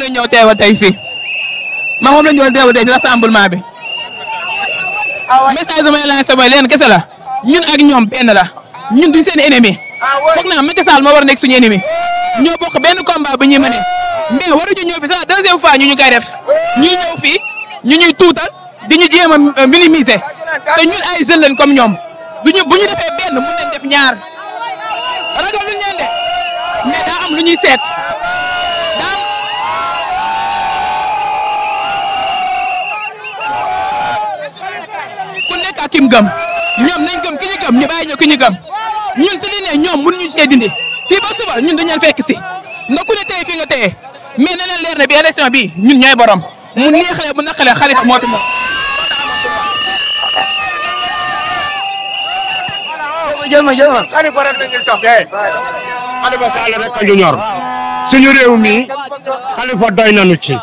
la ñëw teewal tey fii ma moom la ñëw teewal tey ci rassemblement bi message may lancé mooy leen kese la ñun ak ñoom benn la ñun di seen ennemi foog naa Macky Sall moo war nekk suñu ennemi ñoo bokk benn combat bu ñuy mëne mais waruñu ñëw fi sa deuxième fois ñu ñu koy def ñuy ñëw fii ñu ñuy tuutal di ñu jéem a minimiser te ñun ay jeunes lañ comme ñoom duñu bu ñu defee benn mun nañ def ñaar ragal luñ leen de mais am lu ñuy seet kim gëm ñoom nañ gëm ki ñu gëm ñun si li ne ñoom mënuñu see dindi fii ba ñun dañu leen fekk si nga ku ne tey fii nga tey mais na leen leer ne bi élection bi ñun ñooy borom mu neexalee bu naqalee Khalifa moo fi moom. jël ma jël ma. Khalifa rek a ñu ñor. suñu réew mi Khalifa doy nañu ci.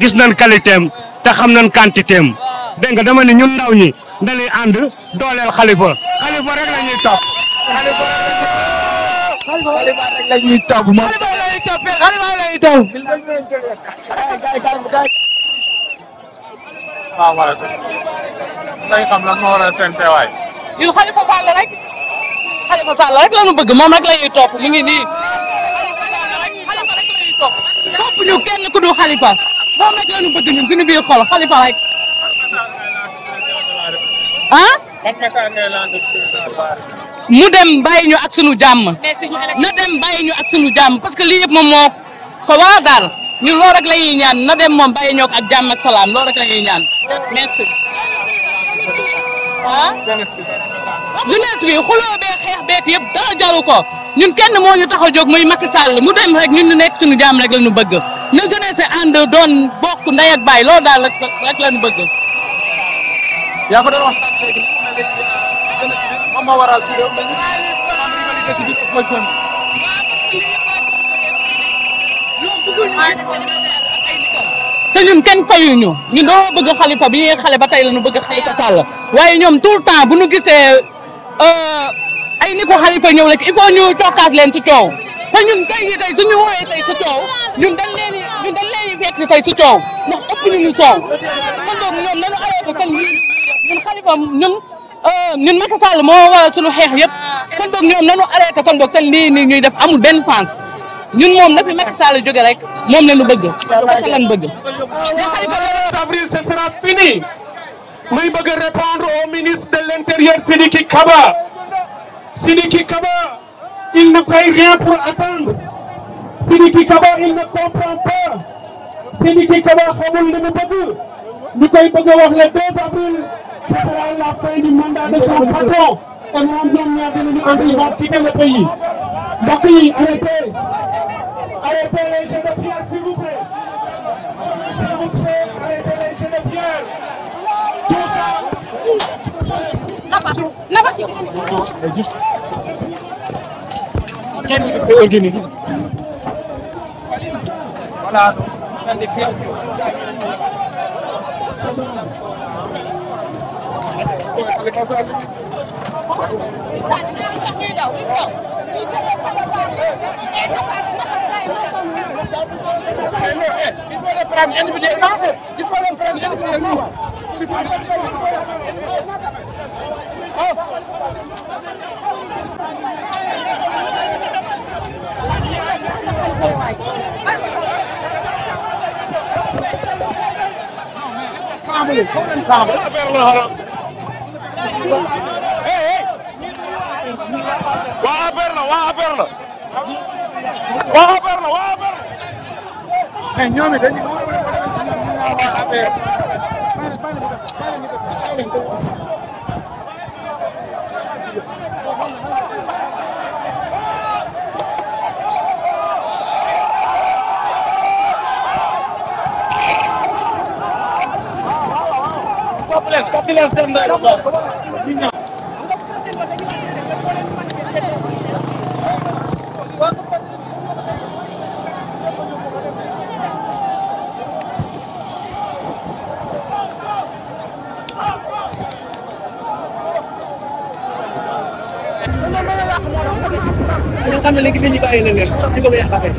gis nañ qualité am te xam dégg nga dama ni ñun ndaw ñi dañuy and dolel khalifa khalifa rek lañuy top khalifa rek lañuy top topp rek lañuy top ah. mu dem bàyyi ñu ak sunu jàmm. na dem bàyyi ñu ak sunu jàmm parce que lii yëpp moom moo ko waa daal ñun loolu rek la ñaan na dem moom bàyyi ñoo ak jàmm ak salaam loolu rek la ñaan merci. Ah? bi xuloo bee xeex beek yëpp dara jaru ko ñun kenn moo ñu tax a jóg muy Macky sal mu dem rek ñun ñu nekk suñu jaam rek la ñu bëgg na jeunesse ànd doon bokk ndey ak baay loolu daal rek la ñu bëgg. yaa ko doon wax léegi moom ñu ci opposition te ñun kenn fayuñu xalifa bi ñuy xale ba tey la ñu bëgg xalifa Sall waaye ñoom tout le temps bu ñu gisee euh, ay ni ko xalifa ñëw rek il faut ñu leen ci coow te ñun tey jii tey suñu woowee tey ci coow ñun dañ ñun dañ lay fekk si tey si coow ndax ëpp nañu coow kon donc ñoom nañu arrêté seen lii ñun Khalifa ñun ñun Macky Sall moo waral suñu xeex yëpp kon donc ñoom nañu arrêté kon donc seen lii nii ñuy def amul benn sens ñun moom na fi Macky Sall jóge rek moom la ñu bëgg Macky lan bëgg. avril ce sera fini muy bëgg répondre au ministre de l'intérieur Sidiki Kaba Sidiki Kaba il ne paye rien pour attendre. Sidiki Kaba il ne comprend pas Sidiki ne veut pas koy il wax les deux avril ce la fin du mandat de son patron Et nom. quitter le pays arrêtez arrêtez les jeux de pierre s'il vous plaît arrêtez les jeux de pierre tout ça. voilà donc on des films il Taxawal taxawal. waa APR la waa APR la. waa APR la waa APR la. mais ñoom it dañuy topp leen topp leen seen ndey ñoo xam ne léegi dañuy bàyyi la ngeen ñu bëgg a yàq affaire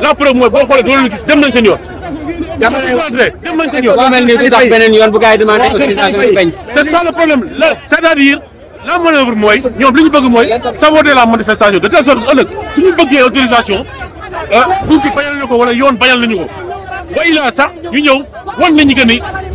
la preuve mooy boo xoolee doo leen gis dem nañ seen yoon. jamono dem nañ seen yoon. waaw le problème la cest la manœuvre mooy ñoom li ñu bëgg mooy saboter la manifestation de telle sorte bëggee autorisation ah buñ ci na ko wala yoon bañal nañu ko wa illaa ñu ñëw wan nañu que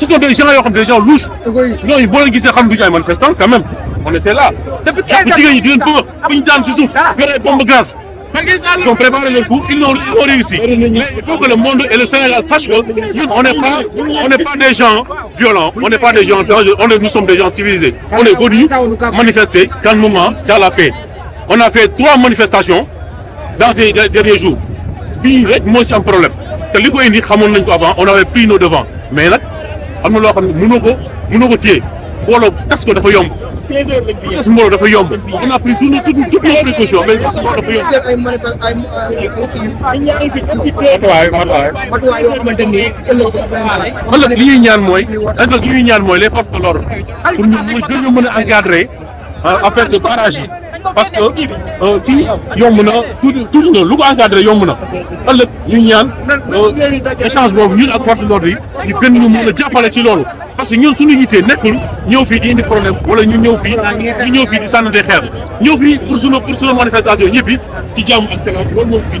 ce sont des gens des gens louches. Ils ont une bonne gisee xam manifestants quand même on était là. depuis ont ans une ñi une dame se bu gaz. Ils ont préparé le coup, ils ont, réussi. Mais il faut que le monde et le Sénégal sachent que n'est pas, on n'est pas des gens violents, on n'est pas des gens dangereux, on nous sommes des gens civilisés. On est venus manifester calmement dans la paix. On a fait trois manifestations dans ces derniers jours. Puis, moi, c'est un problème. Avant, on avait pris nos devants. Mais là, am na loo xam ne mënoo ko mënoo ko téye mbooloo tas ko dafa yomb. 16 heures lañ tas mbooloo dafa yomb. on a pris tout tout toutes nos précautions mais tas mbooloo dafa yomb. ay matuwaay li ñuy ñaan mooy. li ñuy ñaan mooy les forces de l'ordre pour ñu gën a mën a encadrer ah, en fait barrage yi. parce que euh, fii yomb na tuuti tuuti na lu ko encadré yomb na ëllëg ñu ñaan euh, échange boobu ñun ak force d'ordre yi ñu gën ñu mën a jàppale ci loolu parce que ñun suñu yittee nekkul ñëw fii di indi problème wala ñu ñëw fii ñu ñëw fii di sànnante xeer ñëw fii pour suñu pour suñu manifestation ñëpp yi ci jàmm ak salaam loolu moo fii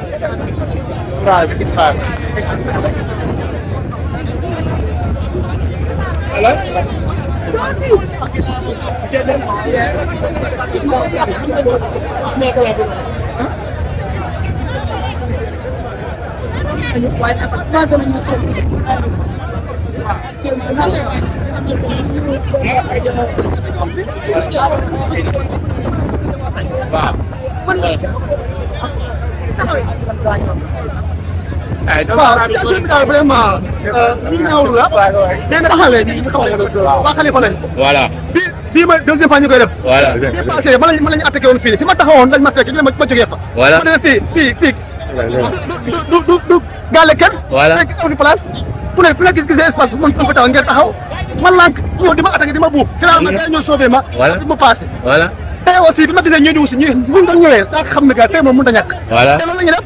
try. We can try. Hello? Wow. waaw situation bi daal vraiment. ñu ngi ñaawlu la. nee na taxalee ñu taxalee waa xalifa lañ. voilà bi bii ma deuxième fois ñu koy def. voilà bii passé ma lañ ma woon fii fi ma taxawoon dañ ma fekk ñu ne ma jógee fa. voilà ma demee fii fii fii. du du du du gàlle kenn. voilà fekk amu fi place. ku ne ku ne gis-gisee espace bu mën taxaw ngeen taxaw. ma lànk ñëw di ma attaqué di ma buub. finalement gars yi ñoo sauvé ma. voilà mu passé. tey aussi bi ma gisee ñëw di aussi ñi mun dañ ñëwee daa xam ne gars tey moom mënut a ñàkk voilà te loolu la ñuy def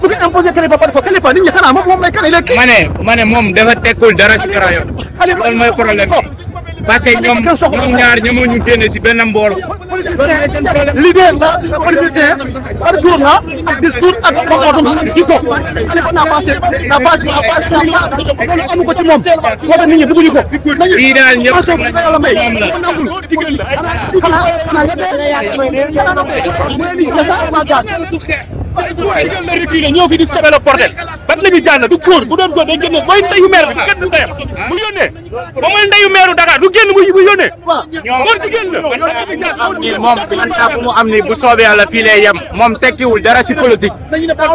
bu ko imposé Khalifa par force Khalifa nit ñi xanaa moom moom may kan léegi ma ne ma ne moom dafa tekkul dara si krayo loolu mooy problème parce que ñoom ñoom ñaar ñoo ñu génne si benn mbooloo. leader la politicien ak groupe la ak discours ak comportement ak jikko. Aliou naa passé naa passé naa passé naa passé loolu amu ko fii daal ñëpp xam nañ ñoom la. waaye jël na reculer ñëw fi di sebelo portel bat la du góor bu doon góor day génne mooy ndeyu meer bi kenn du ndeyam mu yónnee ba mooy ndeyu meeru Dakar du génn bu yónnee. góor jigéen la. moom mandat bu mu am ni bu soobee yàlla fii moom tekkiwul dara si politique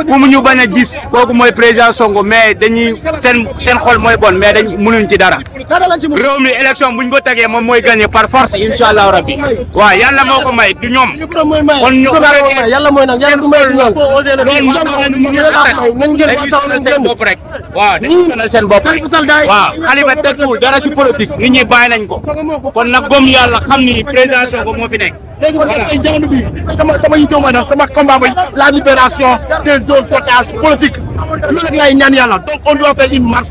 ku mu ñu bañ a gis kooku mooy président Sonko mais dañuy seen xol mooy bon mais dañ mënuñ dara réew mi buñ ko moom mooy gagné par force incha allah rabbi waaw yàlla moo ko may du ñoom kon ñu yàlla mooy nag yàlla du may bopp rek waaw dañuy sonal tekkiwul dara si politique nit ñi bàyyi nañ ko kon nag gom yàlla xam ni président Sonko moo fi léegi man ak ay jamono sama sama yi doom na sama combat la libération des zones d'otages politique loolu rek laay ñaan donc on doit faire une marche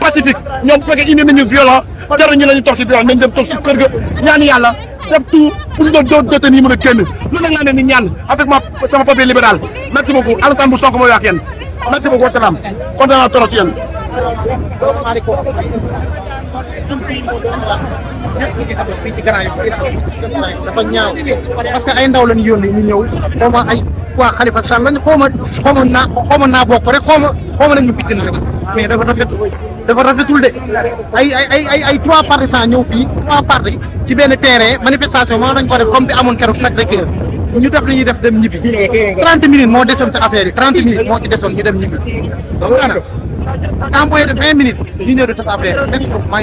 pacifique ñoom bu fekkee indi nañu violent jarul ñu lañu toog si violent nañ dem toog kër ga ñaan yàlla def tout pour ñu doon doon détenu yi mën a génn loolu nag laa ne ni ñaan avec ma sama papier bu Sonko mooy wax ak yéen suñu pays parce que ay ndaw lañ yónni ñu ñëw xooma ay waa Khalifa Sall lañ xooma xooma naa xooma naa bokk rek xooma xooma nañu bitt na rek mais dafa rafetul de ay ay ay ay ñëw fii trois partis ci benn terrain manifestation moo nañ ko def comme bi amoon keroog Sacré-Cœur ñu def li ñuy def dem ñibbi 30 minutes moo desoon sa affaire yi 30 minutes moo ci desoon ñu dem ñibbi envoyé de vingt minutes ñu ñëw di tas affaire merci beaucoup maa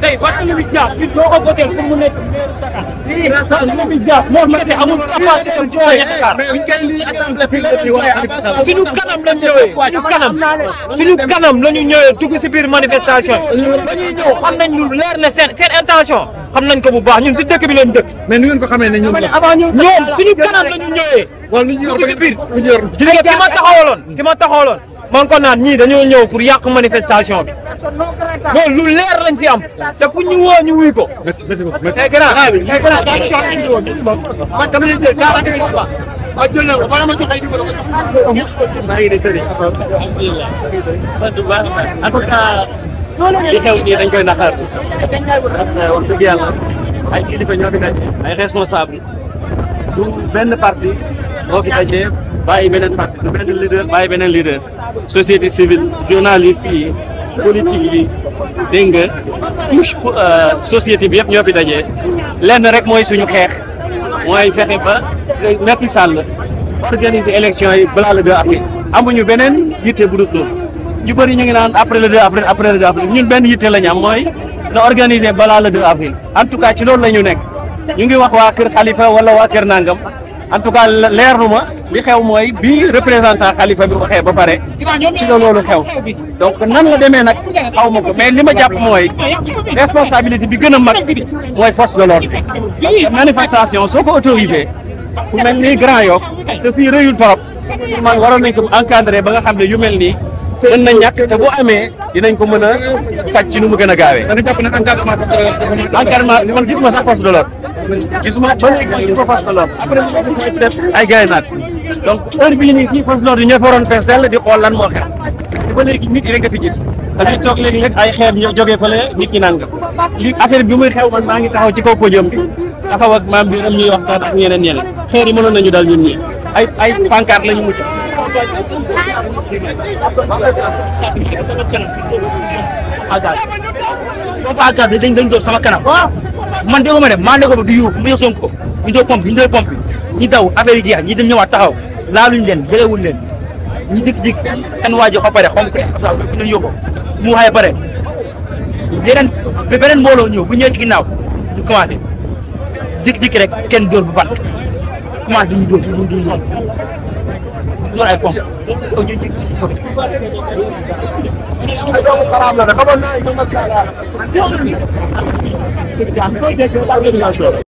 tey Barthélémy Dias nit doo ko voté pour mu nekk maire Dakar. ñu kanam la ñu ñëwee suñu si biir manifestation yi. ba xam nañ leer ne seen seen intention nañ ko bu baax ñun si dëkk bi leen dëkk. mais ni ngeen ko xamee ne ñoom la ñoom suñu kanam la ñu ñëwee. dugg si biir ki ma taxawaloon ki ma taxawaloon maa ngi ko naan ñii dañoo ñëw pour yàq manifestation bi. non lu leer lañ si am te fu ñu woo ñu wuy ko. merci merci beaucoup merci. mais eh, grand mais ah eh, grand daa ñu jox ay numéro bi man dama leen jël 40 minutes quoi ma jël na ko bala ma jox ay numéro ma jox. maa ngi lay sori. alhamdulilah sant bu baax en tout cas li xew nii dañ koy naqar ndax wax dëgg yàlla ay kilifa ñoo fi daje ay responsable du benn parti moo fi daje bàyyi beneen parti du benn leader bàyyi beneen leader société civile journaliste yi. politique yi dégg nga couche euh, société bi yëpp ñoo fi dajee lenn rek mooy suñu xeex mooy fexe ba euh, Macky Sall organiser élection yi balaa le 2 avril amuñu beneen yitte bu dul loolu ñu ñu ngi naan après le 2 avril après le 2 avril ñun benn yitte la ñu am mooy na organiser balaa le 2 avril en tout cas ci loolu la ñu nekk ñu ngi wax waa kër Khalifa wala waa kër Nangam en tout cas leer nu ma li xew mooy bi représentant xalifa bi waxee ba pare ci la loolu xew donc nan la demee nag xaw ma ko mais li ma jàpp mooy responsabilité bi gën a mag mooy force de l'ordre bi manifestation soo ko autorisé fu mel nii Grand Yoff te fii rëyul torop pour man waroon nañ ko encadré ba nga xam ne yu mel nii mën na ñàkk te bu amee dinañ ko mën a faj ci nu mu gën a gaawee. dana jàpp ne encadrement. encadrement man gis force de l'ordre gisuma ba léegi ko fas lool après mu def ay gaay naat donc yi ñoo fa waroon fees dell di xool lan moo xew te ba léegi nit yi rek nga fi gis dañuy toog léegi nag ay xeer ñoo jógee fële nit ñi naan nga bi muy xew man maa ngi taxaw ci kaw podium bi taxaw ak maam bi ram ñuy waxtaan ak ñeneen ñeneen xeer yi mënoon nañu daal ñun ñu ay ay pancarte lañu mujj a Papa dañ dañ door sama kanam man déggoo ma ne maa nekkoon du yuux mu yëg Sonko ñu door pompe bi ñu door pompe bi ñu daw affaire yi jeex ñi dem ñëwaat taxaw laaluñ leen jëlewuñ leen ñu dikk-dikk seen waa ji pare xom ko ñu leen yóbboo mu waxee pare yeneen beneen mbooloo ñëw bu ñëwee ci ginnaaw ñu commencé dikk-dikk rek kenn door bu ban commencé duñu door duñu door دول ay pompe ay doomu xaraam la de xamoon naa ay ñoom ak saa